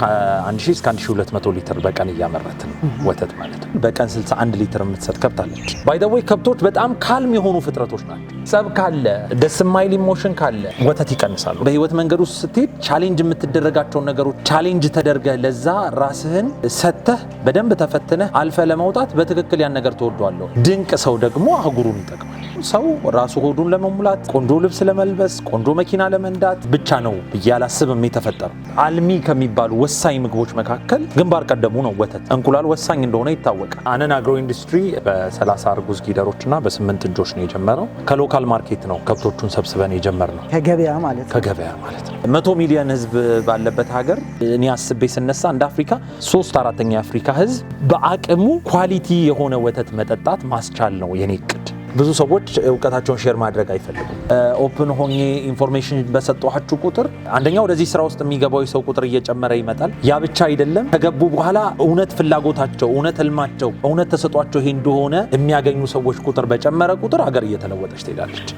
ከአንድ ሺህ እስከ 1200 ሊትር በቀን እያመረትን ወተት ማለት ነው። በቀን 61 ሊትር የምትሰጥ ከብት አለች። ባይ ዘ ወይ ከብቶች በጣም ካልም የሆኑ ፍጥረቶች ናቸው። ጸብ ካለ ደስ የማይል ኢሞሽን ካለ ወተት ይቀንሳሉ። በህይወት መንገድ ውስጥ ስትሄድ ቻሌንጅ የምትደረጋቸውን ነገሮች ቻሌንጅ ተደርገ ለዛ ራስህን ሰተህ በደንብ ተፈትነህ አልፈ ለመውጣት በትክክል ያን ነገር ተወዷለሁ። ድንቅ ሰው ደግሞ አህጉሩን ይጠቅማል። ሰው ራሱ ሆዱን ለመሙላት ቆንጆ ልብስ ለመልበስ ቆንጆ መኪና ለመንዳት ብቻ ነው ብዬ አላስብም የተፈጠረ አልሚ ከሚባሉ ወሳኝ ምግቦች መካከል ግንባር ቀደሙ ነው ወተት። እንቁላል ወሳኝ እንደሆነ ይታወቃል። አነን አግሮ ኢንዱስትሪ በ30 እርጉዝ ጊደሮች እና በ8 እጆች ነው የጀመረው ሎካል ማርኬት ነው ከብቶቹን ሰብስበን የጀመርነው ከገበያ ማለት ከገበያ ማለት ነው። መቶ ሚሊዮን ህዝብ ባለበት ሀገር እኔ አስቤ ስነሳ እንደ አፍሪካ ሶስት አራተኛ የአፍሪካ ህዝብ በአቅሙ ኳሊቲ የሆነ ወተት መጠጣት ማስቻል ነው የኔ እቅድ። ብዙ ሰዎች እውቀታቸውን ሼር ማድረግ አይፈልጉም። ኦፕን ሆኜ ኢንፎርሜሽን በሰጠኋችሁ ቁጥር አንደኛ ወደዚህ ስራ ውስጥ የሚገባው ሰው ቁጥር እየጨመረ ይመጣል። ያ ብቻ አይደለም፣ ከገቡ በኋላ እውነት ፍላጎታቸው፣ እውነት ህልማቸው፣ እውነት ተሰጧቸው ይሄ እንደሆነ የሚያገኙ ሰዎች ቁጥር በጨመረ ቁጥር አገር እየተለወጠች ትሄዳለች።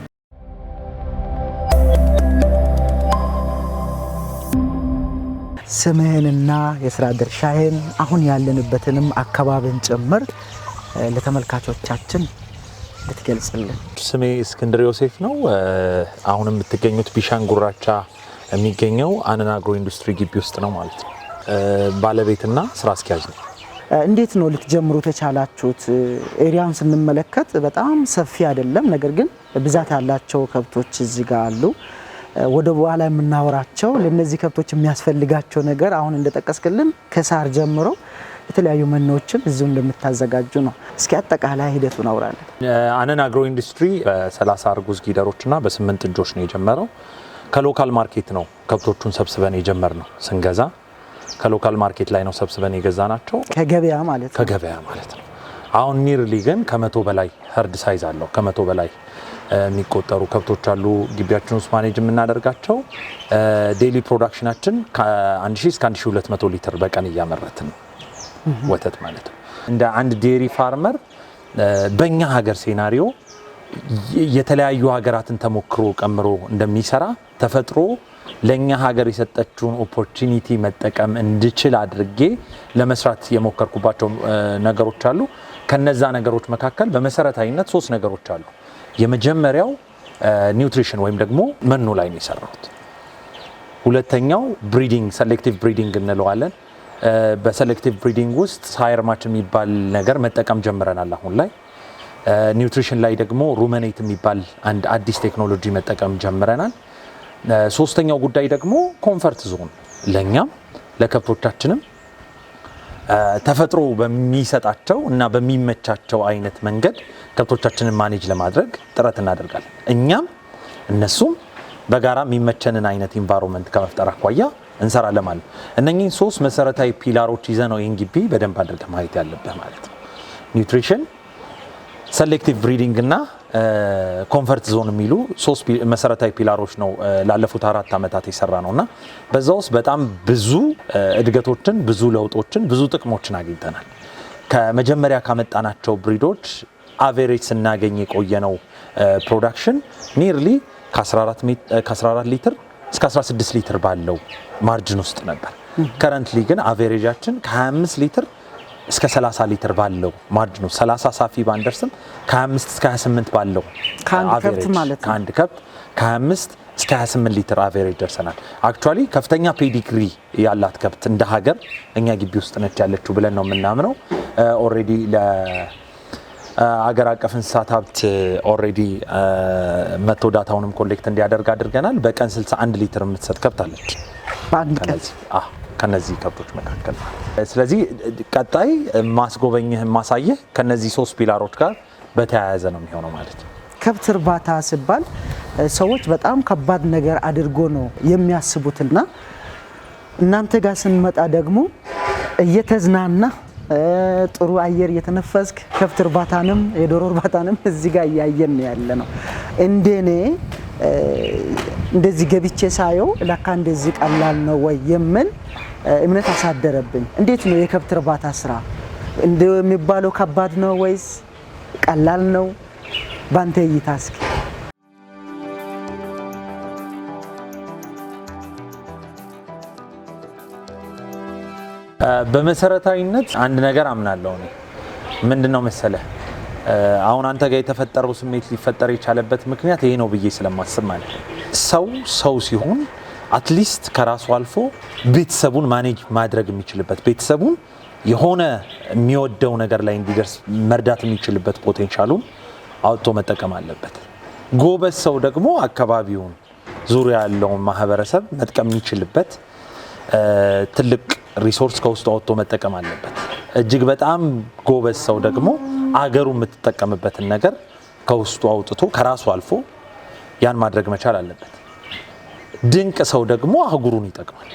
ስምህንና የስራ ድርሻህን አሁን ያለንበትንም አካባቢን ጭምር ለተመልካቾቻችን ብትገልጽልን። ስሜ እስክንድር ዮሴፍ ነው። አሁን የምትገኙት ቢሻን ጉራቻ የሚገኘው አንና አግሮ ኢንዱስትሪ ግቢ ውስጥ ነው ማለት ነው። ባለቤትና ስራ አስኪያጅ ነው። እንዴት ነው ልትጀምሩ ተቻላችሁት? ኤሪያውን ስንመለከት በጣም ሰፊ አይደለም፣ ነገር ግን ብዛት ያላቸው ከብቶች እዚህ ጋር አሉ። ወደ በኋላ የምናወራቸው ለእነዚህ ከብቶች የሚያስፈልጋቸው ነገር አሁን እንደጠቀስክልን ከሳር ጀምሮ የተለያዩ መኖዎችን እዚሁ እንደምታዘጋጁ ነው። እስኪ አጠቃላይ ሂደቱን አውራለን። አነን አግሮ ኢንዱስትሪ በ30 እርጉዝ ጊደሮችና በስምንት እጆች ነው የጀመረው። ከሎካል ማርኬት ነው ከብቶቹን ሰብስበን የጀመር ነው ስንገዛ ከሎካል ማርኬት ላይ ነው ሰብስበን የገዛ ናቸው። ከገበያ ማለት ነው። ከገበያ ማለት ነው። አሁን ኒርሊ ግን ከመቶ በላይ ሀርድ ሳይዝ አለው። ከመቶ በላይ የሚቆጠሩ ከብቶች አሉ ግቢያችን ውስጥ ማኔጅ የምናደርጋቸው። ዴይሊ ፕሮዳክሽናችን ከ1000 እስከ 1200 ሊትር በቀን እያመረትን ነው። ወተት ማለት ነው። እንደ አንድ ዴሪ ፋርመር በእኛ ሀገር ሴናሪዮ የተለያዩ ሀገራትን ተሞክሮ ቀምሮ እንደሚሰራ ተፈጥሮ ለእኛ ሀገር የሰጠችውን ኦፖርቹኒቲ መጠቀም እንድችል አድርጌ ለመስራት የሞከርኩባቸው ነገሮች አሉ። ከነዛ ነገሮች መካከል በመሰረታዊነት ሶስት ነገሮች አሉ። የመጀመሪያው ኒውትሪሽን ወይም ደግሞ መኖ ላይ ነው የሰራሁት። ሁለተኛው ብሪዲንግ፣ ሰሌክቲቭ ብሪዲንግ እንለዋለን። በሴሌክቲቭ ብሪዲንግ ውስጥ ሳየር ማች የሚባል ነገር መጠቀም ጀምረናል አሁን ላይ። ኒውትሪሽን ላይ ደግሞ ሩመኔት የሚባል አንድ አዲስ ቴክኖሎጂ መጠቀም ጀምረናል። ሶስተኛው ጉዳይ ደግሞ ኮንፈርት ዞን ለእኛም ለከብቶቻችንም ተፈጥሮ በሚሰጣቸው እና በሚመቻቸው አይነት መንገድ ከብቶቻችንን ማኔጅ ለማድረግ ጥረት እናደርጋለን። እኛም እነሱም በጋራ የሚመቸንን አይነት ኢንቫይሮንመንት ከመፍጠር አኳያ እንሰራለን ማለት ነው። እነኚህ ሶስት መሰረታዊ ፒላሮች ይዘ ነው ይህን ግቢ በደንብ አድርገ ማየት ያለብህ ማለት ነው። ኒውትሪሽን፣ ሰሌክቲቭ ብሪዲንግ እና ኮንፈርት ዞን የሚሉ ሶስት መሰረታዊ ፒላሮች ነው ላለፉት አራት ዓመታት የሰራ ነው እና በዛ ውስጥ በጣም ብዙ እድገቶችን፣ ብዙ ለውጦችን፣ ብዙ ጥቅሞችን አግኝተናል። ከመጀመሪያ ካመጣናቸው ብሪዶች አቬሬጅ ስናገኝ የቆየነው ፕሮዳክሽን ኒርሊ ከ14 ሊትር እስከ 16 ሊትር ባለው ማርጅን ውስጥ ነበር። ከረንትሊ ግን አቬሬጃችን ከ25 ሊትር እስከ 30 ሊትር ባለው ማርጅን ውስጥ 30 ሳፊ ባንደርስም ከ25 እስከ 28 ባለው ከአንድ ከብት ከ25 እስከ 28 ሊትር አቬሬጅ ደርሰናል። አክቹዋሊ ከፍተኛ ፔዲግሪ ያላት ከብት እንደ ሀገር እኛ ግቢ ውስጥ ነች ያለችው ብለን ነው የምናምነው ኦልሬዲ uh, አገር አቀፍ እንስሳት ሀብት ኦልሬዲ መቶ ዳታውንም ኮሌክት እንዲያደርግ አድርገናል። በቀን 61 ሊትር የምትሰጥ ከብት አለች ከነዚህ ከብቶች መካከል። ስለዚህ ቀጣይ ማስጎበኝህ ማሳየህ ከነዚህ ሶስት ፒላሮች ጋር በተያያዘ ነው የሚሆነው ማለት ነው። ከብት እርባታ ሲባል ሰዎች በጣም ከባድ ነገር አድርጎ ነው የሚያስቡትና እናንተ ጋር ስንመጣ ደግሞ እየተዝናና ጥሩ አየር እየተነፈስክ ከብት እርባታንም የዶሮ እርባታንም እዚህ ጋር እያየን ያለ ነው። እንደኔ እንደዚህ ገብቼ ሳየው ለካ እንደዚህ ቀላል ነው ወይ የምን እምነት አሳደረብኝ። እንዴት ነው የከብት እርባታ ስራ እንደሚባለው ከባድ ነው ወይስ ቀላል ነው? ባንተ እይታ እስኪ በመሰረታዊነት አንድ ነገር አምናለሁ ነው። ምንድን ነው መሰለህ አሁን አንተ ጋር የተፈጠረው ስሜት ሊፈጠር የቻለበት ምክንያት ይሄ ነው ብዬ ስለማስብ ማለት ነው። ሰው ሰው ሲሆን አትሊስት ከራሱ አልፎ ቤተሰቡን ማኔጅ ማድረግ የሚችልበት ቤተሰቡን የሆነ የሚወደው ነገር ላይ እንዲደርስ መርዳት የሚችልበት ፖቴንሻሉን አውጥቶ መጠቀም አለበት። ጎበዝ ሰው ደግሞ አካባቢውን ዙሪያ ያለውን ማህበረሰብ መጥቀም የሚችልበት ትልቅ ሪሶርስ ከውስጡ አውጥቶ መጠቀም አለበት። እጅግ በጣም ጎበዝ ሰው ደግሞ አገሩ የምትጠቀምበትን ነገር ከውስጡ አውጥቶ ከራሱ አልፎ ያን ማድረግ መቻል አለበት። ድንቅ ሰው ደግሞ አህጉሩን ይጠቅማል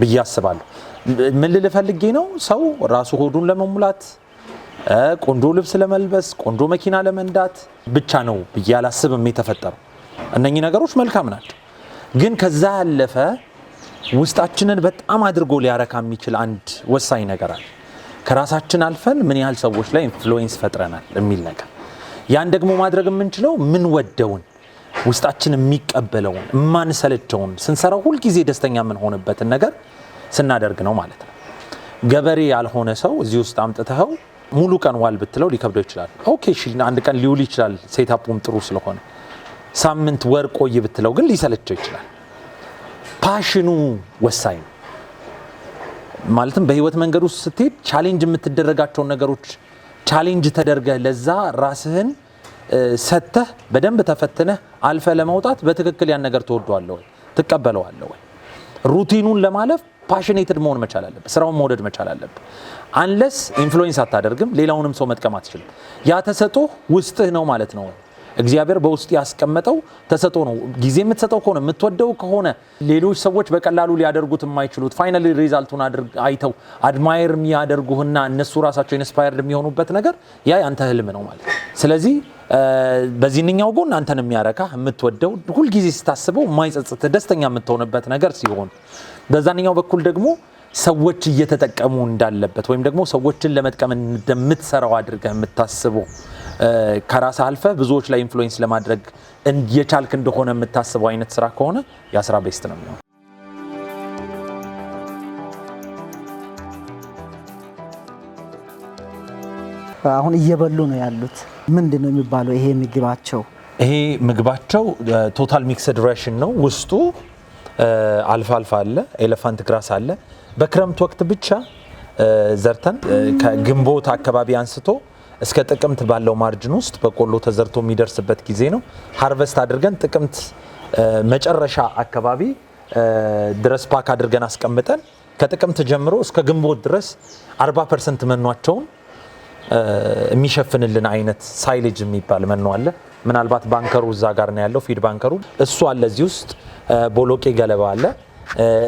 ብዬ አስባለሁ። ምን ልል ፈልጌ ነው? ሰው ራሱ ሆዱን ለመሙላት ቆንጆ ልብስ ለመልበስ ቆንጆ መኪና ለመንዳት ብቻ ነው ብዬ አላስብም የተፈጠረው። እነኚህ ነገሮች መልካም ናቸው፣ ግን ከዛ ያለፈ ውስጣችንን በጣም አድርጎ ሊያረካ የሚችል አንድ ወሳኝ ነገር አለ። ከራሳችን አልፈን ምን ያህል ሰዎች ላይ ኢንፍሉዌንስ ፈጥረናል የሚል ነገር። ያን ደግሞ ማድረግ የምንችለው ምን ወደውን ውስጣችን የሚቀበለውን የማንሰለቸውን ስንሰራው ሁልጊዜ ደስተኛ የምንሆንበትን ነገር ስናደርግ ነው ማለት ነው። ገበሬ ያልሆነ ሰው እዚህ ውስጥ አምጥተኸው ሙሉ ቀን ዋል ብትለው ሊከብደው ይችላል። ኦኬ እሺ፣ አንድ ቀን ሊውል ይችላል፣ ሴታፑም ጥሩ ስለሆነ። ሳምንት ወር ቆይ ብትለው ግን ሊሰለቸው ይችላል። ፓሽኑ ወሳኝ ነው። ማለትም በህይወት መንገድ ውስጥ ስትሄድ ቻሌንጅ የምትደረጋቸውን ነገሮች ቻሌንጅ ተደርገህ ለዛ ራስህን ሰጥተህ በደንብ ተፈትነህ አልፈ ለመውጣት በትክክል ያን ነገር ትወደዋለህ ወይ ትቀበለዋለ ወይ? ሩቲኑን ለማለፍ ፓሽኔትድ መሆን መቻል አለብህ። ስራውን መውደድ መቻል አለብህ። አንለስ ኢንፍሉዌንስ አታደርግም፣ ሌላውንም ሰው መጥቀም አትችልም። ያ ውስጥህ ነው ማለት ነው። እግዚአብሔር በውስጥ ያስቀመጠው ተሰጦ ነው። ጊዜ የምትሰጠው ከሆነ የምትወደው ከሆነ ሌሎች ሰዎች በቀላሉ ሊያደርጉት የማይችሉት ፋይናል ሪዛልቱን አይተው አድማየር የሚያደርጉህና እነሱ ራሳቸው ኢንስፓየርድ የሚሆኑበት ነገር ያ ያንተ ህልም ነው ማለት። ስለዚህ በዚህኛው ጎን አንተን የሚያረካ የምትወደው ሁልጊዜ ስታስበው የማይጸጽት ደስተኛ የምትሆንበት ነገር ሲሆን በዛንኛው በኩል ደግሞ ሰዎች እየተጠቀሙ እንዳለበት ወይም ደግሞ ሰዎችን ለመጥቀም እንደምትሰራው አድርገህ የምታስበው ከራስ አልፈ ብዙዎች ላይ ኢንፍሉዌንስ ለማድረግ የቻልክ እንደሆነ የምታስበው አይነት ስራ ከሆነ ያ ስራ ቤስት ነው የሚሆነው። አሁን እየበሉ ነው ያሉት። ምንድን ነው የሚባለው? ይሄ ምግባቸው ይሄ ምግባቸው ቶታል ሚክስድ ሬሽን ነው። ውስጡ አልፋ አልፋ አለ፣ ኤሌፋንት ግራስ አለ በክረምት ወቅት ብቻ ዘርተን ከግንቦት አካባቢ አንስቶ እስከ ጥቅምት ባለው ማርጅን ውስጥ በቆሎ ተዘርቶ የሚደርስበት ጊዜ ነው። ሀርቨስት አድርገን ጥቅምት መጨረሻ አካባቢ ድረስ ፓክ አድርገን አስቀምጠን ከጥቅምት ጀምሮ እስከ ግንቦት ድረስ 40 ፐርሰንት መኗቸውን የሚሸፍንልን አይነት ሳይሌጅ የሚባል መኖ አለ። ምናልባት ባንከሩ እዛ ጋር ነው ያለው፣ ፊድ ባንከሩ እሱ አለ። እዚህ ውስጥ ቦሎቄ ገለባ አለ።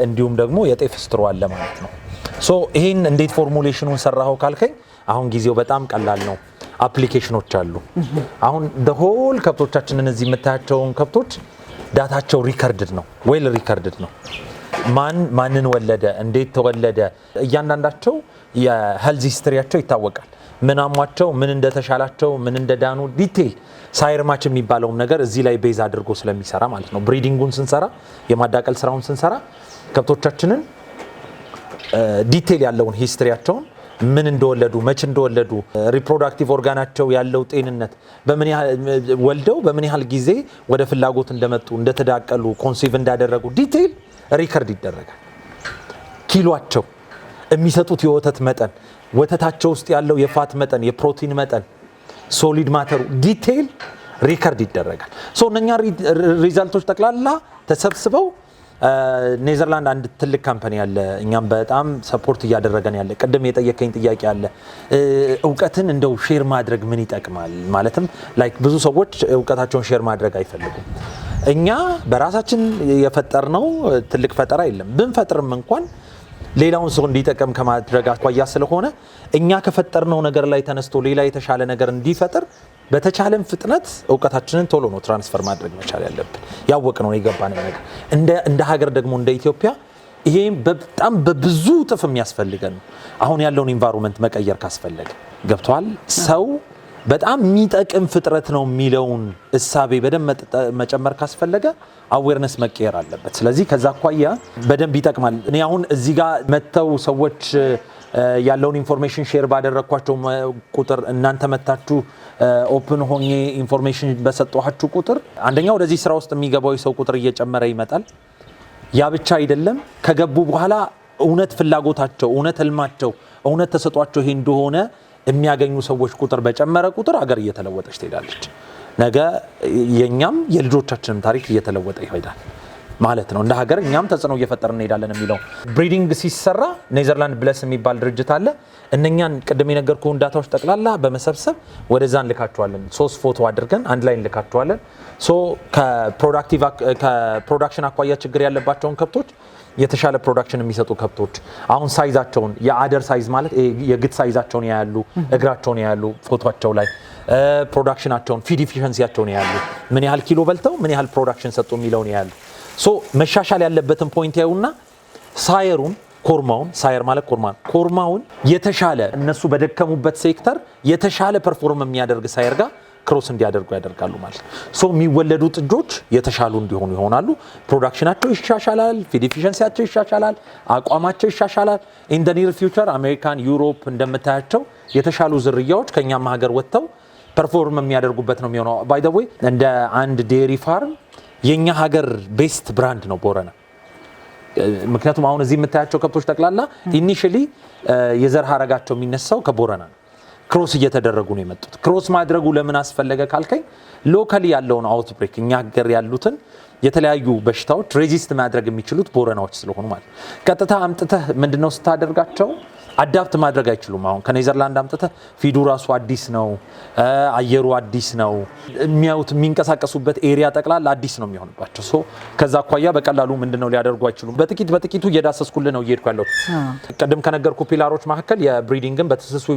እንዲሁም ደግሞ የጤፍ ስትሮ አለ ማለት ነው። ሶ ይህን እንዴት ፎርሙሌሽኑን ሰራኸው ካልከኝ አሁን ጊዜው በጣም ቀላል ነው። አፕሊኬሽኖች አሉ። አሁን ደሆል ከብቶቻችንን እዚህ የምታያቸውን ከብቶች ዳታቸው ሪከርድድ ነው፣ ዌል ሪከርድድ ነው። ማን ማንን ወለደ፣ እንዴት ተወለደ፣ እያንዳንዳቸው የሄልዝ ሂስትሪያቸው ይታወቃል። ምን አሟቸው፣ ምን እንደተሻላቸው፣ ምን እንደዳኑ ዲቴል ሳይርማች የሚባለውም ነገር እዚህ ላይ ቤዝ አድርጎ ስለሚሰራ ማለት ነው። ብሪዲንጉን ስንሰራ፣ የማዳቀል ስራውን ስንሰራ ከብቶቻችንን ዲቴል ያለውን ሂስትሪያቸውን ምን እንደወለዱ መች እንደወለዱ ሪፕሮዳክቲቭ ኦርጋናቸው ያለው ጤንነት በምን ያህል ወልደው በምን ያህል ጊዜ ወደ ፍላጎት እንደመጡ እንደተዳቀሉ ኮንሲቭ እንዳደረጉ ዲቴይል ሪከርድ ይደረጋል። ኪሏቸው፣ የሚሰጡት የወተት መጠን፣ ወተታቸው ውስጥ ያለው የፋት መጠን፣ የፕሮቲን መጠን፣ ሶሊድ ማተሩ ዲቴይል ሪከርድ ይደረጋል። ሶ እነኛ ሪዛልቶች ጠቅላላ ተሰብስበው ኔዘርላንድ አንድ ትልቅ ካምፓኒ አለ፣ እኛም በጣም ሰፖርት እያደረገን ያለ። ቅድም የጠየቀኝ ጥያቄ አለ፣ እውቀትን እንደው ሼር ማድረግ ምን ይጠቅማል? ማለትም ላይክ ብዙ ሰዎች እውቀታቸውን ሼር ማድረግ አይፈልጉም። እኛ በራሳችን የፈጠርነው ትልቅ ፈጠራ የለም። ብንፈጥርም እንኳን ሌላውን ሰው እንዲጠቀም ከማድረግ አኳያ ስለሆነ እኛ ከፈጠርነው ነገር ላይ ተነስቶ ሌላ የተሻለ ነገር እንዲፈጥር በተቻለን ፍጥነት እውቀታችንን ቶሎ ነው ትራንስፈር ማድረግ መቻል ያለብን። ያወቅ ነው የገባን ነገር እንደ ሀገር ደግሞ እንደ ኢትዮጵያ ይሄም በጣም በብዙ እጥፍ የሚያስፈልገን አሁን ያለውን ኢንቫይሮንመንት መቀየር ካስፈለገ ገብተዋል ሰው በጣም የሚጠቅም ፍጥረት ነው የሚለውን እሳቤ በደንብ መጨመር ካስፈለገ አዌርነስ መቀየር አለበት። ስለዚህ ከዛ አኳያ በደንብ ይጠቅማል። እኔ አሁን እዚህ ጋር መጥተው ሰዎች ያለውን ኢንፎርሜሽን ሼር ባደረግኳቸው ቁጥር እናንተ መታችሁ ኦፕን ሆኜ ኢንፎርሜሽን በሰጠኋችሁ ቁጥር አንደኛ ወደዚህ ስራ ውስጥ የሚገባው ሰው ቁጥር እየጨመረ ይመጣል። ያ ብቻ አይደለም። ከገቡ በኋላ እውነት ፍላጎታቸው፣ እውነት ህልማቸው፣ እውነት ተሰጧቸው ይሄ እንደሆነ የሚያገኙ ሰዎች ቁጥር በጨመረ ቁጥር ሀገር እየተለወጠች ትሄዳለች። ነገ የእኛም የልጆቻችንም ታሪክ እየተለወጠ ይሄዳል ማለት ነው። እንደ ሀገር እኛም ተጽዕኖ እየፈጠር እንሄዳለን የሚለው ብሪዲንግ ሲሰራ ኔዘርላንድ ብለስ የሚባል ድርጅት አለ። እነኛን ቅድም የነገርኩ ዳታዎች ጠቅላላ በመሰብሰብ ወደዛ እንልካቸዋለን። ሶስት ፎቶ አድርገን አንድ ላይ እንልካቸዋለን። ሶ ከፕሮዳክሽን አኳያ ችግር ያለባቸውን ከብቶች የተሻለ ፕሮዳክሽን የሚሰጡ ከብቶች አሁን ሳይዛቸውን የአደር ሳይዝ ማለት የግት ሳይዛቸውን ያያሉ፣ እግራቸውን ያያሉ፣ ፎቶቸው ላይ ፕሮዳክሽናቸውን ፊድ ኢፊሸንሲያቸውን ያያሉ። ምን ያህል ኪሎ በልተው ምን ያህል ፕሮዳክሽን ሰጡ የሚለውን ያያሉ። ሶ መሻሻል ያለበትን ፖይንት ያዩና ሳየሩን ኮርማውን ሳየር ማለት ኮርማ ኮርማውን የተሻለ እነሱ በደከሙበት ሴክተር የተሻለ ፐርፎርም የሚያደርግ ሳየር ጋር ክሮስ እንዲያደርጉ ያደርጋሉ ማለት ሶ የሚወለዱ ጥጆች የተሻሉ እንዲሆኑ ይሆናሉ። ፕሮዳክሽናቸው ይሻሻላል፣ ፊድ ኤፊሸንሲያቸው ይሻሻላል፣ አቋማቸው ይሻሻላል። ኢን ዘ ኒር ፊውቸር አሜሪካን፣ ዩሮፕ እንደምታያቸው የተሻሉ ዝርያዎች ከእኛም ሀገር ወጥተው ፐርፎርም የሚያደርጉበት ነው የሚሆነው። ባይ ዘ ዌይ እንደ አንድ ዴሪ ፋርም የእኛ ሀገር ቤስት ብራንድ ነው ቦረና። ምክንያቱም አሁን እዚህ የምታያቸው ከብቶች ጠቅላላ ኢኒሽሊ የዘር ሀረጋቸው የሚነሳው ከቦረና ነው። ክሮስ እየተደረጉ ነው የመጡት። ክሮስ ማድረጉ ለምን አስፈለገ ካልከኝ ሎካሊ ያለውን አውትብሬክ እኛ ሀገር ያሉትን የተለያዩ በሽታዎች ሬዚስት ማድረግ የሚችሉት ቦረናዎች ስለሆኑ ማለት ቀጥታ አምጥተህ ምንድነው ስታደርጋቸው አዳፕት ማድረግ አይችሉም። አሁን ከኔዘርላንድ አምጥተ ፊዱ ራሱ አዲስ ነው፣ አየሩ አዲስ ነው፣ የሚያዩት የሚንቀሳቀሱበት ኤሪያ ጠቅላላ አዲስ ነው የሚሆንባቸው። ሶ ከዛ አኳያ በቀላሉ ምንድነው ሊያደርጉ አይችሉም። በጥቂት በጥቂቱ እየዳሰስኩልህ ነው እየሄድኩ ያለሁት። ቅድም ከነገርኩ ፒላሮች መካከል የብሪዲንግን በትስሱ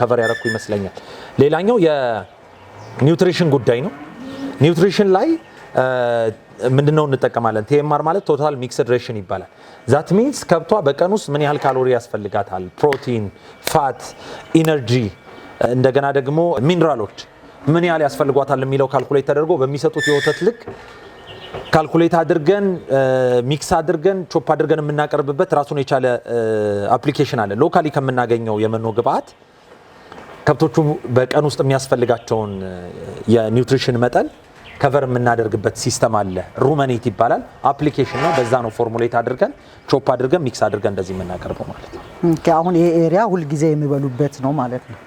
ከቨር ያደረግኩ ይመስለኛል። ሌላኛው የኒውትሪሽን ጉዳይ ነው። ኒውትሪሽን ላይ ምንድነው እንጠቀማለን። ቲኤምአር ማለት ቶታል ሚክስድ ሬሽን ይባላል። ዛት ሚንስ ከብቷ በቀን ውስጥ ምን ያህል ካሎሪ ያስፈልጋታል፣ ፕሮቲን፣ ፋት፣ ኢነርጂ እንደገና ደግሞ ሚኒራሎች ምን ያህል ያስፈልጓታል የሚለው ካልኩሌት ተደርጎ በሚሰጡት የወተት ልክ ካልኩሌት አድርገን ሚክስ አድርገን ቾፕ አድርገን የምናቀርብበት ራሱን የቻለ አፕሊኬሽን አለ። ሎካሊ ከምናገኘው የመኖ ግብአት ከብቶቹ በቀን ውስጥ የሚያስፈልጋቸውን የኒውትሪሽን መጠን ከቨር የምናደርግበት ሲስተም አለ። ሩመኔት ይባላል አፕሊኬሽን ነው። በዛ ነው ፎርሙሌት አድርገን ቾፕ አድርገን ሚክስ አድርገን እንደዚህ የምናቀርበው ማለት ነው። አሁን ይሄ ኤሪያ ሁልጊዜ የሚበሉበት ነው ማለት ነው።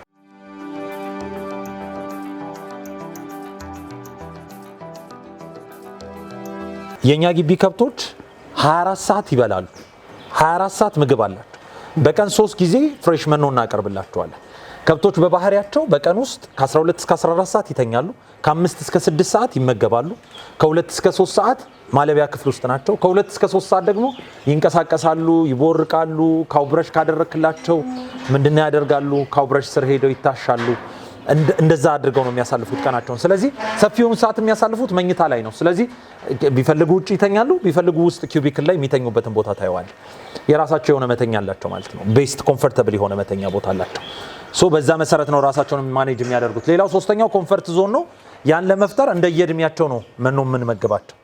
የእኛ ግቢ ከብቶች 24 ሰዓት ይበላሉ። 24 ሰዓት ምግብ አላቸው። በቀን ሶስት ጊዜ ፍሬሽ መኖ እናቀርብላቸዋለን። ከብቶች በባህሪያቸው በቀን ውስጥ ከ12 እስከ 14 ሰዓት ይተኛሉ። ከ5 እስከ 6 ሰዓት ይመገባሉ። ከ2 እስከ 3 ሰዓት ማለቢያ ክፍል ውስጥ ናቸው። ከ2 እስከ 3 ሰዓት ደግሞ ይንቀሳቀሳሉ፣ ይቦርቃሉ። ካውብረሽ ካደረክላቸው ምንድነው ያደርጋሉ? ካውብረሽ ስር ሄደው ይታሻሉ። እንደዛ አድርገው ነው የሚያሳልፉት ቀናቸውን። ስለዚህ ሰፊውን ሰዓት የሚያሳልፉት መኝታ ላይ ነው። ስለዚህ ቢፈልጉ ውጭ ይተኛሉ፣ ቢፈልጉ ውስጥ ኪዩቢክል ላይ የሚተኙበትን ቦታ ታየዋል። የራሳቸው የሆነ መተኛ አላቸው ማለት ነው። ቤስት ኮምፈርተብል የሆነ መተኛ ቦታ አላቸው። ሶ በዛ መሰረት ነው ራሳቸውን ማኔጅ የሚያደርጉት። ሌላው ሶስተኛው ኮንፈርት ዞን ነው። ያን ለመፍጠር እንደየእድሜያቸው ነው መኖ የምንመግባቸው።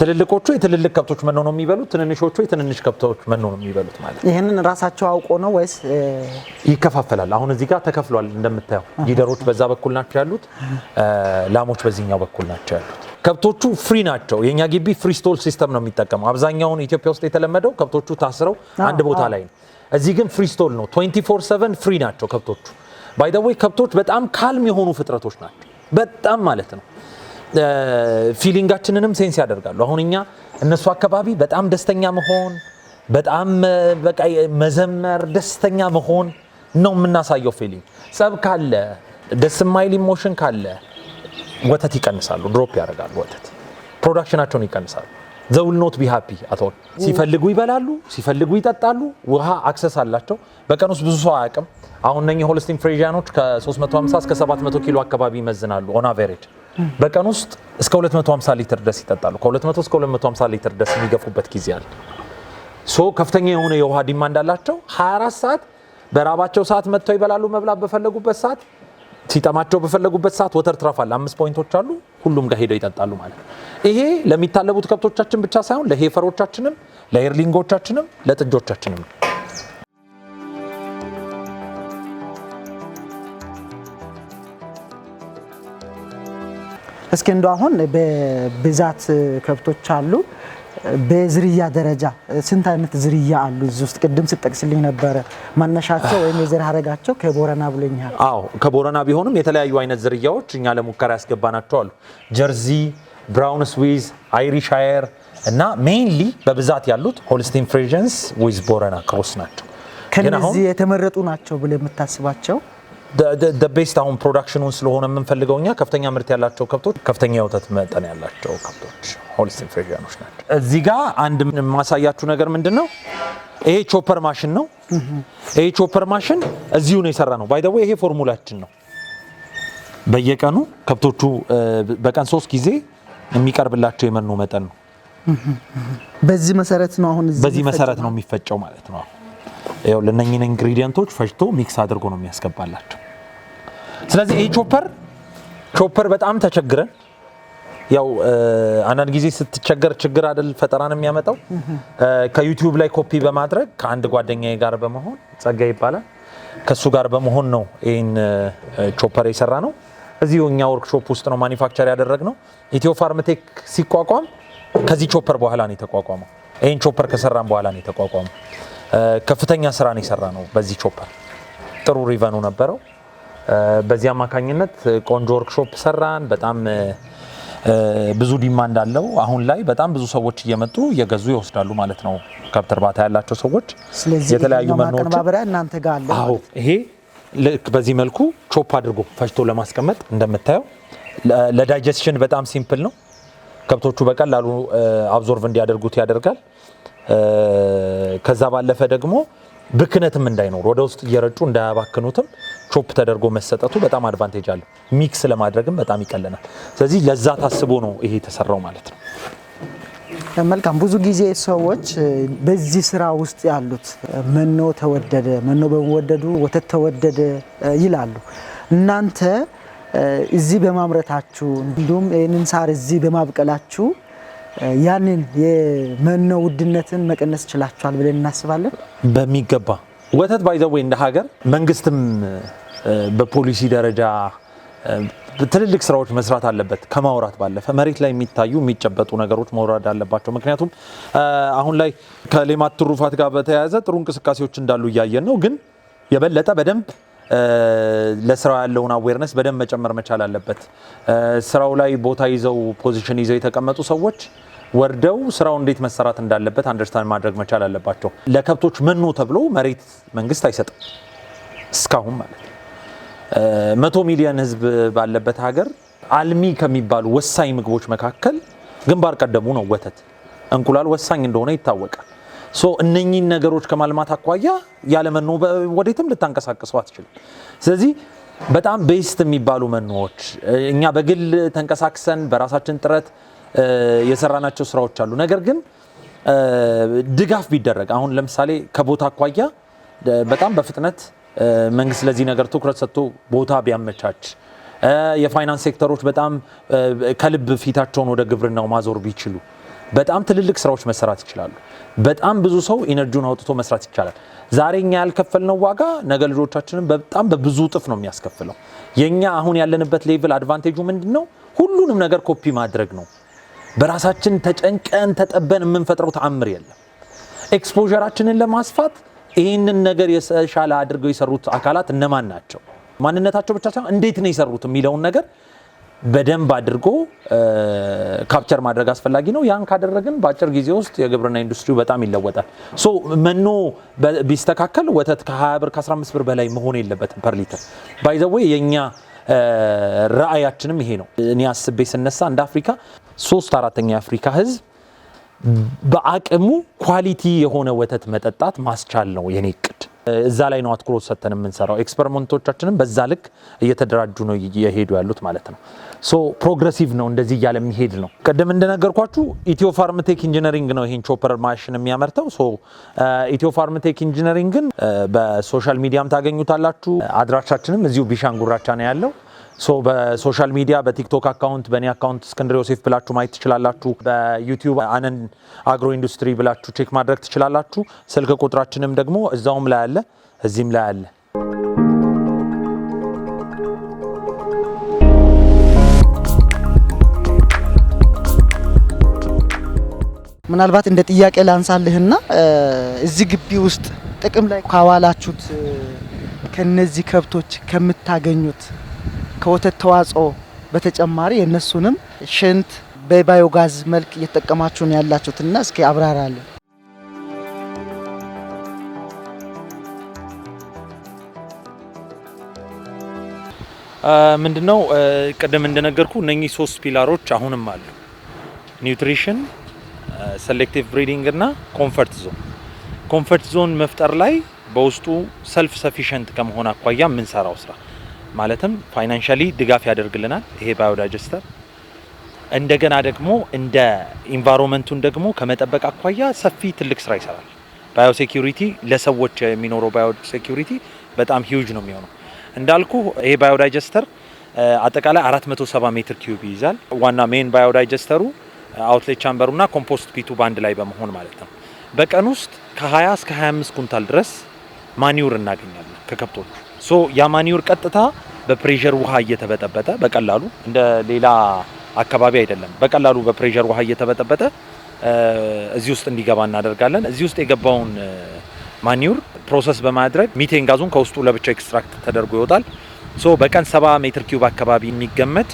ትልልቆቹ የትልልቅ ከብቶች መኖ ነው የሚበሉት፣ ትንንሾቹ የትንንሽ ከብቶች መኖ ነው የሚበሉት። ማለት ይህንን ራሳቸው አውቆ ነው ወይስ ይከፋፈላል? አሁን እዚህ ጋር ተከፍሏል እንደምታየው። ጊደሮች በዛ በኩል ናቸው ያሉት፣ ላሞች በዚህኛው በኩል ናቸው ያሉት። ከብቶቹ ፍሪ ናቸው። የእኛ ግቢ ፍሪስቶል ሲስተም ነው የሚጠቀመው። አብዛኛውን ኢትዮጵያ ውስጥ የተለመደው ከብቶቹ ታስረው አንድ ቦታ ላይ ነው። እዚህ ግን ፍሪስቶል ነው። 24/7 ፍሪ ናቸው ከብቶቹ። ባይ ዘ ዌይ ከብቶች በጣም ካልም የሆኑ ፍጥረቶች ናቸው። በጣም ማለት ነው ፊሊንጋችንንም ሴንስ ያደርጋሉ። አሁን እኛ እነሱ አካባቢ በጣም ደስተኛ መሆን፣ በጣም በቃ መዘመር፣ ደስተኛ መሆን ነው የምናሳየው ፊሊንግ። ጸብ ካለ፣ ደስ የማይል ኢሞሽን ካለ ወተት ይቀንሳሉ፣ ድሮፕ ያደርጋሉ። ወተት ፕሮዳክሽናቸውን ይቀንሳሉ። ዘውል ኖት ቢ ሃፒ አትል። ሲፈልጉ ይበላሉ፣ ሲፈልጉ ይጠጣሉ። ውሃ አክሰስ አላቸው። በቀን ውስጥ ብዙ ሰው አያውቅም። አሁን እነኚህ ሆልስቲን ፍሬዥያኖች ከ350 እስከ 700 ኪሎ አካባቢ ይመዝናሉ ኦን አቨሬጅ በቀን ውስጥ እስከ 250 ሊትር ድረስ ይጠጣሉ። ከ200 እስከ 250 ሊትር ድረስ የሚገፉበት ጊዜ አለ። ሶ ከፍተኛ የሆነ የውሃ ዲማንድ አላቸው 24 ሰዓት በራባቸው ሰዓት መጥተው ይበላሉ። መብላት በፈለጉበት ሰዓት፣ ሲጠማቸው በፈለጉበት ሰዓት። ወተር ትራፍ አለ። አምስት ፖይንቶች አሉ። ሁሉም ጋር ሄደው ይጠጣሉ ማለት ነው። ይሄ ለሚታለቡት ከብቶቻችን ብቻ ሳይሆን ለሄፈሮቻችንም፣ ለኤርሊንጎቻችንም፣ ለጥጆቻችንም ነው። እስኪ እንደ አሁን በብዛት ከብቶች አሉ በዝርያ ደረጃ ስንት አይነት ዝርያ አሉ? እዚህ ውስጥ ቅድም ስጠቅስልኝ ነበረ ማነሻቸው ወይም የዘር ሀረጋቸው ከቦረና ብሎኛል። አዎ ከቦረና ቢሆንም የተለያዩ አይነት ዝርያዎች እኛ ለሙከራ ያስገባናቸው አሉ። ጀርዚ፣ ብራውን ስዊዝ፣ አይሪሻየር እና ሜይንሊ በብዛት ያሉት ሆልስቲን ፍሬዥንስ ዊዝ ቦረና ክሮስ ናቸው። ከነዚህ የተመረጡ ናቸው ብለ የምታስባቸው ደቤስት አሁን ፕሮዳክሽኑን ስለሆነ የምንፈልገው እኛ ከፍተኛ ምርት ያላቸው ከብቶች ከፍተኛ የወተት መጠን ያላቸው ከብቶች ሆልስቲን ፍሪዥያኖች ናቸው። እዚህ ጋር አንድ የማሳያችሁ ነገር ምንድን ነው? ይሄ ቾፐር ማሽን ነው። ይሄ ቾፐር ማሽን እዚሁ ነው የሰራ ነው። ባይደወ ይሄ ፎርሙላችን ነው። በየቀኑ ከብቶቹ በቀን ሶስት ጊዜ የሚቀርብላቸው የመኖ መጠን ነው። በዚህ መሰረት ነው አሁን በዚህ መሰረት ነው የሚፈጨው ማለት ነው። ያው ለነኚህ ኢንግሪዲየንቶች ፈጭቶ ሚክስ አድርጎ ነው የሚያስገባላቸው። ስለዚህ ይህ ቾፐር ቾፐር በጣም ተቸግረን ያው አንዳንድ ጊዜ ስትቸገር ችግር አይደል ፈጠራን የሚያመጣው ከዩቲዩብ ላይ ኮፒ በማድረግ ከአንድ ጓደኛዬ ጋር በመሆን ጸጋ ይባላል ከሱ ጋር በመሆን ነው ይህን ቾፐር የሰራ ነው። እዚሁ እኛ ወርክሾፕ ውስጥ ነው ማኒፋክቸር ያደረግ ነው። ኢትዮ ፋርምቴክ ሲቋቋም ከዚህ ቾፐር በኋላ ነው የተቋቋመው። ይህን ቾፐር ከሰራን በኋላ ነው የተቋቋመው። ከፍተኛ ስራን የሰራ ነው። በዚህ ቾፐር ጥሩ ሪቨኑ ነበረው። በዚህ አማካኝነት ቆንጆ ወርክሾፕ ሰራን። በጣም ብዙ ዲማንድ አለው። አሁን ላይ በጣም ብዙ ሰዎች እየመጡ እየገዙ ይወስዳሉ ማለት ነው። ከብት እርባታ ያላቸው ሰዎች የተለያዩ መኖዎች እናንተ ጋር አለ። አዎ ይሄ ልክ በዚህ መልኩ ቾፕ አድርጎ ፈጭቶ ለማስቀመጥ እንደምታየው ለዳይጀስሽን በጣም ሲምፕል ነው። ከብቶቹ በቀላሉ አብዞርቭ እንዲያደርጉት ያደርጋል። ከዛ ባለፈ ደግሞ ብክነትም እንዳይኖር ወደ ውስጥ እየረጩ እንዳያባክኑትም ቾፕ ተደርጎ መሰጠቱ በጣም አድቫንቴጅ አለ ሚክስ ለማድረግም በጣም ይቀለናል። ስለዚህ ለዛ ታስቦ ነው ይሄ የተሰራው ማለት ነው። መልካም። ብዙ ጊዜ ሰዎች በዚህ ስራ ውስጥ ያሉት መኖ ተወደደ፣ መኖ በመወደዱ ወተት ተወደደ ይላሉ። እናንተ እዚህ በማምረታችሁ እንዲሁም ይህንን ሳር እዚህ በማብቀላችሁ ያንን የመኖ ውድነትን መቀነስ ችላችኋል ብለን እናስባለን። በሚገባ ወተት ባይዘወይ እንደ ሀገር መንግስትም በፖሊሲ ደረጃ ትልልቅ ስራዎች መስራት አለበት። ከማውራት ባለፈ መሬት ላይ የሚታዩ የሚጨበጡ ነገሮች መውረድ አለባቸው። ምክንያቱም አሁን ላይ ከሌማት ትሩፋት ጋር በተያያዘ ጥሩ እንቅስቃሴዎች እንዳሉ እያየን ነው። ግን የበለጠ በደንብ ለስራው ያለውን አዌርነስ በደንብ መጨመር መቻል አለበት። ስራው ላይ ቦታ ይዘው ፖዚሽን ይዘው የተቀመጡ ሰዎች ወርደው ስራው እንዴት መሰራት እንዳለበት አንደርስታንድ ማድረግ መቻል አለባቸው። ለከብቶች መኖ ተብሎ መሬት መንግስት አይሰጥም እስካሁን ማለት መቶ ሚሊዮን ህዝብ ባለበት ሀገር አልሚ ከሚባሉ ወሳኝ ምግቦች መካከል ግንባር ቀደሙ ነው ወተት። እንቁላል ወሳኝ እንደሆነ ይታወቃል። ሶ እነኚህን ነገሮች ከማልማት አኳያ ያለ መኖ ወዴትም ልታንቀሳቅሰው አትችልም። ስለዚህ በጣም ቤስት የሚባሉ መኖዎች እኛ በግል ተንቀሳቅሰን በራሳችን ጥረት የሰራናቸው ስራዎች አሉ። ነገር ግን ድጋፍ ቢደረግ አሁን ለምሳሌ ከቦታ አኳያ በጣም በፍጥነት መንግስት ለዚህ ነገር ትኩረት ሰጥቶ ቦታ ቢያመቻች፣ የፋይናንስ ሴክተሮች በጣም ከልብ ፊታቸውን ወደ ግብርናው ማዞር ቢችሉ በጣም ትልልቅ ስራዎች መሰራት ይችላሉ። በጣም ብዙ ሰው ኢነርጂውን አውጥቶ መስራት ይቻላል። ዛሬ እኛ ያልከፈልነው ዋጋ ነገ ልጆቻችንን በጣም በብዙ እጥፍ ነው የሚያስከፍለው። የእኛ አሁን ያለንበት ሌቭል አድቫንቴጁ ምንድን ነው? ሁሉንም ነገር ኮፒ ማድረግ ነው። በራሳችን ተጨንቀን ተጠበን የምንፈጥረው ተአምር የለም። ኤክስፖዠራችንን ለማስፋት ይህንን ነገር የተሻለ አድርገው የሰሩት አካላት እነማን ናቸው? ማንነታቸው ብቻ ሳይሆን እንዴት ነው የሰሩት የሚለውን ነገር በደንብ አድርጎ ካፕቸር ማድረግ አስፈላጊ ነው። ያን ካደረግን በአጭር ጊዜ ውስጥ የግብርና ኢንዱስትሪው በጣም ይለወጣል። ሶ መኖ ቢስተካከል ወተት ከ20 ብር ከ15 ብር በላይ መሆን የለበትም ፐር ሊትር። ባይዘዌ የእኛ ራዕያችንም ይሄ ነው። እኔ አስቤ ስነሳ እንደ አፍሪካ ሶስት አራተኛ የአፍሪካ ህዝብ በአቅሙ ኳሊቲ የሆነ ወተት መጠጣት ማስቻል ነው የኔ እቅድ። እዛ ላይ ነው አትኩሮት ሰጥተን የምንሰራው። ኤክስፐሪመንቶቻችንም በዛ ልክ እየተደራጁ ነው እየሄዱ ያሉት ማለት ነው። ሶ ፕሮግረሲቭ ነው፣ እንደዚህ እያለ የሚሄድ ነው። ቅድም እንደነገርኳችሁ ኢትዮ ፋርምቴክ ኢንጂነሪንግ ነው ይህን ቾፐር ማሽን የሚያመርተው። ሶ ኢትዮ ፋርምቴክ ኢንጂነሪንግን በሶሻል ሚዲያም ታገኙታላችሁ። አድራሻችንም እዚሁ ቢሻንጉራቻ ነው ያለው። በሶሻል ሚዲያ በቲክቶክ አካውንት በእኔ አካውንት እስክንድር ዮሴፍ ብላችሁ ማየት ትችላላችሁ። በዩቲዩብ አነን አግሮ ኢንዱስትሪ ብላችሁ ቼክ ማድረግ ትችላላችሁ። ስልክ ቁጥራችንም ደግሞ እዛውም ላይ አለ፣ እዚህም ላይ አለ። ምናልባት እንደ ጥያቄ ላንሳልህና እዚህ ግቢ ውስጥ ጥቅም ላይ ካዋላችሁት ከነዚህ ከብቶች ከምታገኙት ከወተት ተዋጽኦ በተጨማሪ የእነሱንም ሽንት በባዮጋዝ መልክ እየተጠቀማችሁ ነው ያላችሁትና እስኪ አብራራለን። ምንድነው ቅድም እንደነገርኩ እነኚህ ሶስት ፒላሮች አሁንም አሉ። ኒውትሪሽን፣ ሴሌክቲቭ ብሪዲንግ እና ኮምፈርት ዞን። ኮምፈርት ዞን መፍጠር ላይ በውስጡ ሰልፍ ሰፊሸንት ከመሆን አኳያ የምንሰራው ስራ ማለትም ፋይናንሻሊ ድጋፍ ያደርግልናል። ይሄ ባዮዳጀስተር እንደገና ደግሞ እንደ ኢንቫይሮንመንቱን ደግሞ ከመጠበቅ አኳያ ሰፊ ትልቅ ስራ ይሰራል። ባዮሴኪሪቲ ለሰዎች የሚኖረው ባዮሴኪሪቲ በጣም ሂጅ ነው የሚሆነው። እንዳልኩ ይሄ ባዮዳጀስተር አጠቃላይ 470 ሜትር ኪዩብ ይይዛል። ዋና ሜን ባዮዳጀስተሩ አውትሌት ና ኮምፖስት ፒቱ ባንድ ላይ በመሆን ማለት ነው። በቀን ውስጥ ከ20 እስከ 25 ኩንታል ድረስ ማኒውር እናገኛለን ከከብቶቹ ሶ ያ ማኒውር ቀጥታ በፕሬሸር ውሃ እየተበጠበጠ በቀላሉ እንደ ሌላ አካባቢ አይደለም። በቀላሉ በፕሬሸር ውሃ እየተበጠበጠ እዚህ ውስጥ እንዲገባ እናደርጋለን። እዚህ ውስጥ የገባውን ማኒውር ፕሮሰስ በማድረግ ሚቴን ጋዙን ከውስጡ ለብቻው ኤክስትራክት ተደርጎ ይወጣል። ሶ በቀን 70 ሜትር ኪዩብ አካባቢ የሚገመት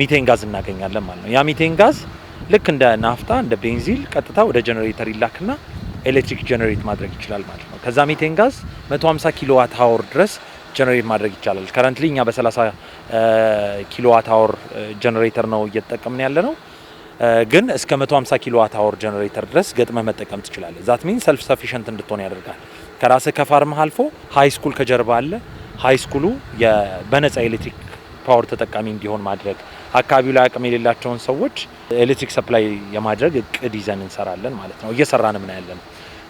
ሚቴን ጋዝ እናገኛለን ማለት ነው። ያ ሚቴን ጋዝ ልክ እንደ ናፍጣ እንደ ቤንዚል ቀጥታ ወደ ጀኔሬተር ይላክና ኤሌክትሪክ ጀነሬት ማድረግ ይችላል ማለት ነው። ከዛ ሚቴን ጋዝ 150 ኪሎዋት አወር ድረስ ጀነሬት ማድረግ ይቻላል። ከረንትሊ እኛ በ30 ኪሎዋት አወር ጀነሬተር ነው እየተጠቀምን ያለ ነው። ግን እስከ 150 ኪሎዋት አወር ጀነሬተር ድረስ ገጥመህ መጠቀም ትችላለህ። ዛት ሚን ሰልፍ ሰፊሽንት እንድትሆን ያደርጋል። ከራስህ ከፋርምህ አልፎ ሀይ ስኩል ከጀርባ አለ። ሀይ ስኩሉ በነጻ ኤሌክትሪክ ፓወር ተጠቃሚ እንዲሆን ማድረግ አካባቢው ላይ አቅም የሌላቸውን ሰዎች ኤሌክትሪክ ሰፕላይ የማድረግ እቅድ ይዘን እንሰራለን ማለት ነው። እየሰራንም ነው ያለ ነው።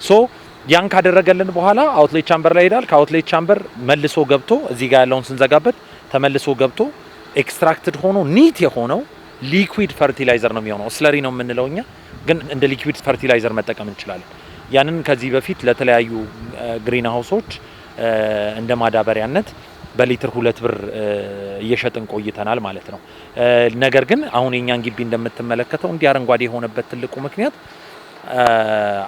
ሶ ያን ካደረገልን በኋላ አውትሌት ቻምበር ላይ ሄዳል። ከአውትሌት ቻምበር መልሶ ገብቶ እዚህ ጋር ያለውን ስንዘጋበት ተመልሶ ገብቶ ኤክስትራክትድ ሆኖ ኒት የሆነው ሊኩዊድ ፈርቲላይዘር ነው የሚሆነው። ስለሪ ነው የምንለው እኛ፣ ግን እንደ ሊኩዊድ ፈርቲላይዘር መጠቀም እንችላለን። ያንን ከዚህ በፊት ለተለያዩ ግሪን ሀውሶች እንደ ማዳበሪያነት በሊትር ሁለት ብር እየሸጥን ቆይተናል ማለት ነው። ነገር ግን አሁን የእኛን ግቢ እንደምትመለከተው እንዲህ አረንጓዴ የሆነበት ትልቁ ምክንያት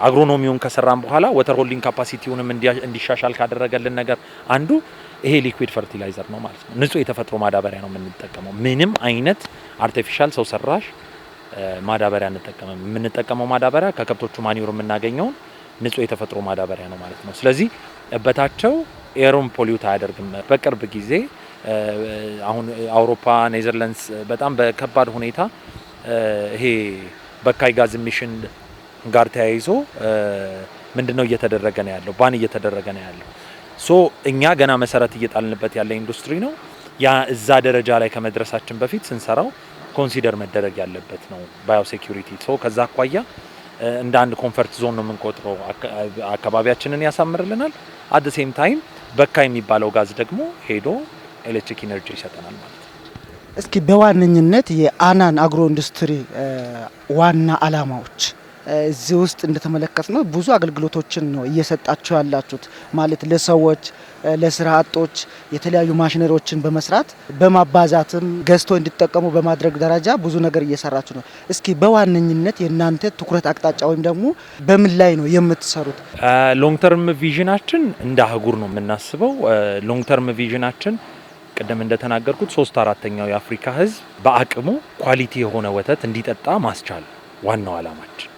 አግሮኖሚውን ከሰራን በኋላ ወተር ሆልዲንግ ካፓሲቲውንም እንዲሻሻል ካደረገልን ነገር አንዱ ይሄ ሊኩዊድ ፈርቲላይዘር ነው ማለት ነው። ንጹህ የተፈጥሮ ማዳበሪያ ነው የምንጠቀመው። ምንም አይነት አርቲፊሻል ሰው ሰራሽ ማዳበሪያ እንጠቀምም። የምንጠቀመው ማዳበሪያ ከከብቶቹ ማኒውር የምናገኘውን ንጹህ የተፈጥሮ ማዳበሪያ ነው ማለት ነው። ስለዚህ እበታቸው ኤሮን ፖሊዩት አያደርግም። በቅርብ ጊዜ አሁን አውሮፓ፣ ኔዘርላንድስ በጣም በከባድ ሁኔታ ይሄ በካይ ጋዝ ሚሽን ጋር ተያይዞ ምንድነው እየተደረገ ነው ያለው? ባን እየተደረገ ነው ያለው። ሶ እኛ ገና መሰረት እየጣልንበት ያለ ኢንዱስትሪ ነው። ያ እዛ ደረጃ ላይ ከመድረሳችን በፊት ስንሰራው ኮንሲደር መደረግ ያለበት ነው ባዮ ሴኩሪቲ። ሶ ከዛ አኳያ እንደ አንድ ኮንፈርት ዞን ነው የምንቆጥረው። አካባቢያችንን ያሳምርልናል። አት ደ ሴም ታይም በካ የሚባለው ጋዝ ደግሞ ሄዶ ኤሌክትሪክ ኢነርጂ ይሰጠናል ማለት ነው። እስኪ በዋነኝነት የአናን አግሮ ኢንዱስትሪ ዋና አላማዎች እዚህ ውስጥ እንደተመለከት ነው ብዙ አገልግሎቶችን ነው እየሰጣችሁ ያላችሁት። ማለት ለሰዎች ለስራ አጦች የተለያዩ ማሽነሪዎችን በመስራት በማባዛትም ገዝቶ እንዲጠቀሙ በማድረግ ደረጃ ብዙ ነገር እየሰራችሁ ነው። እስኪ በዋነኝነት የእናንተ ትኩረት አቅጣጫ ወይም ደግሞ በምን ላይ ነው የምትሰሩት? ሎንግ ተርም ቪዥናችን እንደ አህጉር ነው የምናስበው። ሎንግ ተርም ቪዥናችን ቅድም እንደተናገርኩት ሶስት አራተኛው የአፍሪካ ህዝብ በአቅሙ ኳሊቲ የሆነ ወተት እንዲጠጣ ማስቻል ዋናው አላማችን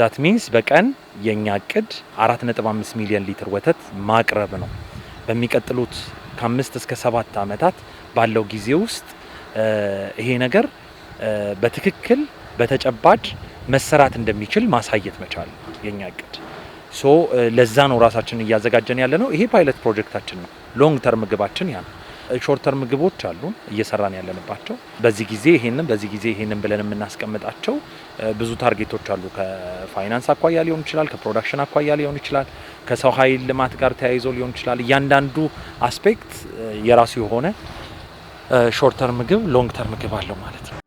ዛት ሚንስ በቀን የኛ እቅድ 4.5 ሚሊዮን ሊትር ወተት ማቅረብ ነው። በሚቀጥሉት ከአምስት እስከ ሰባት ዓመታት ባለው ጊዜ ውስጥ ይሄ ነገር በትክክል በተጨባጭ መሰራት እንደሚችል ማሳየት መቻል የኛ እቅድ ሶ ለዛ ነው ራሳችን እያዘጋጀን ያለ ነው። ይሄ ፓይለት ፕሮጀክታችን ነው። ሎንግ ተርም ግባችን ያ ነው። ሾርተር ምግቦች አሉ እየሰራን ያለንባቸው በዚህ ጊዜ ይሄንን በዚህ ጊዜ ይሄንን ብለን የምናስቀምጣቸው ብዙ ታርጌቶች አሉ። ከፋይናንስ አኳያ ሊሆን ይችላል፣ ከፕሮዳክሽን አኳያ ሊሆን ይችላል፣ ከሰው ኃይል ልማት ጋር ተያይዞ ሊሆን ይችላል። እያንዳንዱ አስፔክት የራሱ የሆነ ሾርተር ምግብ ሎንግ ተርም ምግብ አለው ማለት ነው።